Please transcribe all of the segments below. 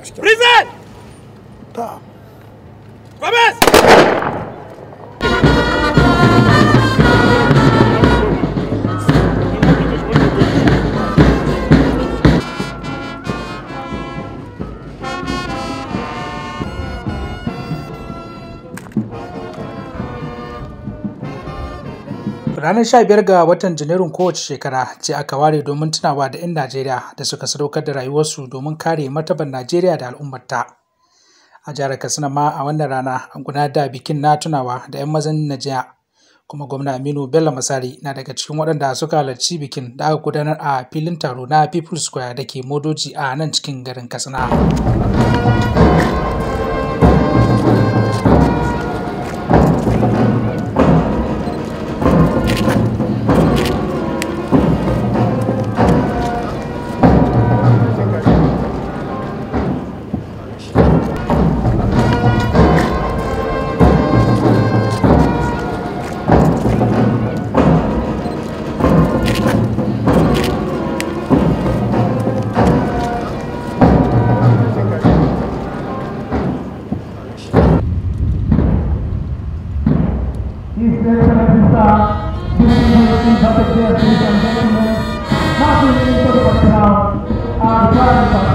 É. Prisão! Tá. Começa! Ranar biyar ga watan Janairun kowace shekara ce aka ware domin tunawa da 'yan Najeriya da suka sadaukar da rayuwarsu domin kare martaban Najeriya da al'ummarta. A jihar Katsina ma a wannan rana an gudanar da bikin na tunawa da 'yan mazan Najeriya, kuma gwamna Aminu Bello Masari na daga cikin waɗanda suka halarci bikin da aka gudanar a filin taro na People Square da ke Modoji a nan cikin garin Katsina. He's there to start distributing public affairs and government, nothing into the background, are trying to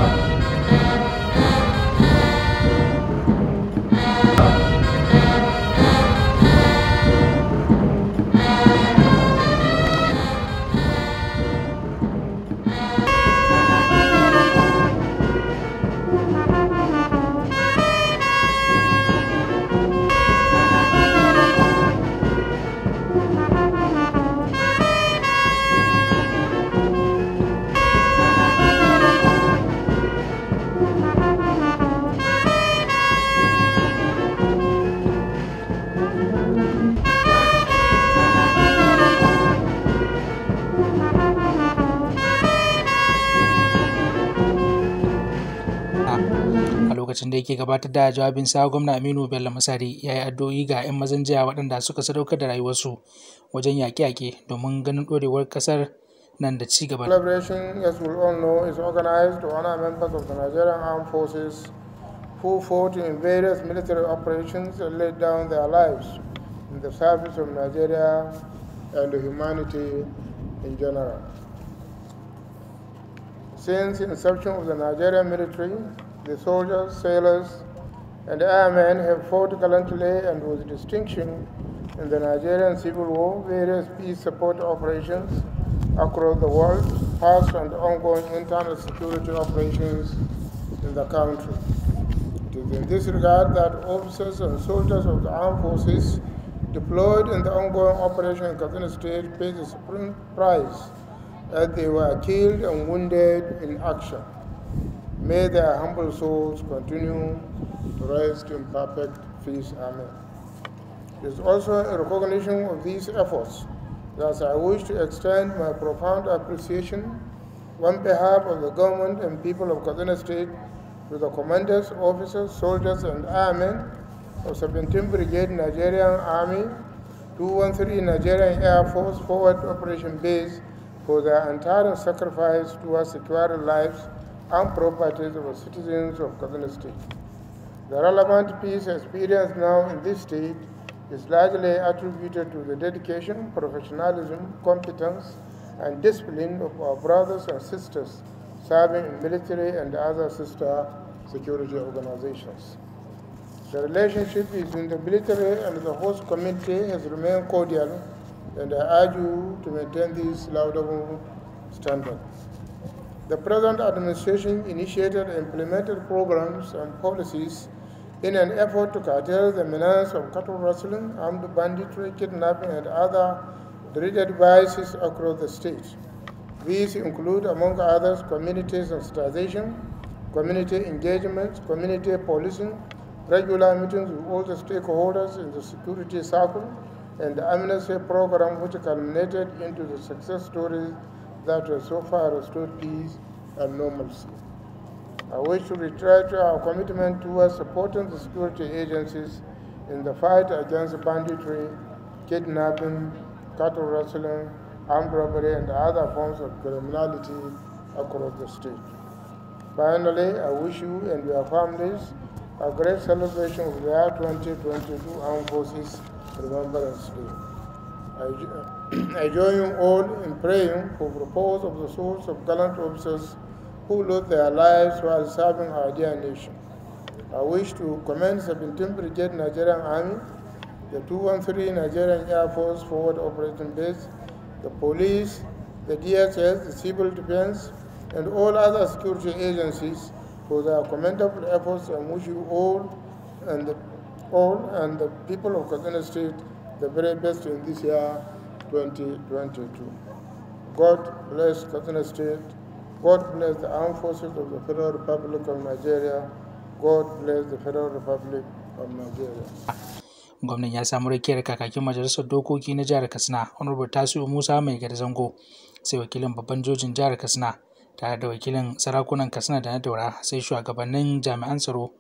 a lokacin da yake gabatar da jawabin sa gwamna Aminu Bello Masari ya yi addu'o'i ga 'yan mazan jiya waɗanda suka sadaukar da rayuwarsu wajen yaƙe-yaƙe domin ganin ɗorewar ƙasar nan da ci gaba. Celebration, as we all know, is organized to honor members of the Nigerian Armed Forces who fought in various military operations and laid down their lives in the service of Nigeria and humanity in general. Since inception of the Nigerian military, The soldiers, sailors, and airmen have fought gallantly and with distinction in the Nigerian Civil War, various peace support operations across the world, past and ongoing internal security operations in the country. It is in this regard that officers and soldiers of the armed forces deployed in the ongoing operation in Katsina State paid the supreme price as they were killed and wounded in action. May their humble souls continue to rise to perfect peace. Amen. It is also a recognition of these efforts that I wish to extend my profound appreciation on behalf of the government and people of Kaduna State to the commanders, officers, soldiers, and airmen of 17th Brigade Nigerian Army, 213 Nigerian Air Force Forward Operation Base for their entire sacrifice towards securing lives and properties of citizens of Kazan State. The relevant peace experience now in this state is largely attributed to the dedication, professionalism, competence, and discipline of our brothers and sisters serving in military and other sister security organizations. The relationship between the military and the host community has remained cordial, and I urge you to maintain these laudable standards. The present administration initiated and implemented programs and policies in an effort to curtail the menace of cattle rustling, armed banditry, kidnapping, and other dreaded vices across the state. These include, among others, community sensitization, community engagement, community policing, regular meetings with all the stakeholders in the security circle, and the amnesty program, which culminated into the success stories that will so far restore peace and normalcy. I wish to reiterate our commitment towards supporting the security agencies in the fight against banditry, kidnapping, cattle rustling, armed robbery, and other forms of criminality across the state. Finally, I wish you and your families a great celebration of the 2022 Armed Forces Remembrance Day. Uh, I, join you all in praying for the repose of the souls of gallant officers who lost their lives while serving our dear nation. I wish to commend 17th Brigade Nigerian Army, the 213 Nigerian Air Force Forward Operating Base, the police, the DHS, the civil defense, and all other security agencies for their commendable efforts and wish you all and the, all and the people of Kazakhstan State the very best in this year 2022. God bless Katsina State. God bless the armed forces of the Federal Republic of Nigeria. God bless the Federal Republic of Nigeria. Gwamnan ya samu rakiyar kakakin majalisar dokoki na jihar Katsina, Honorable siyo Musa Mai zango sai wakilin babban jojin jihar Katsina, tare da wakilin sarakunan Katsina da na Daura, sai shugabannin jami'an tsaro.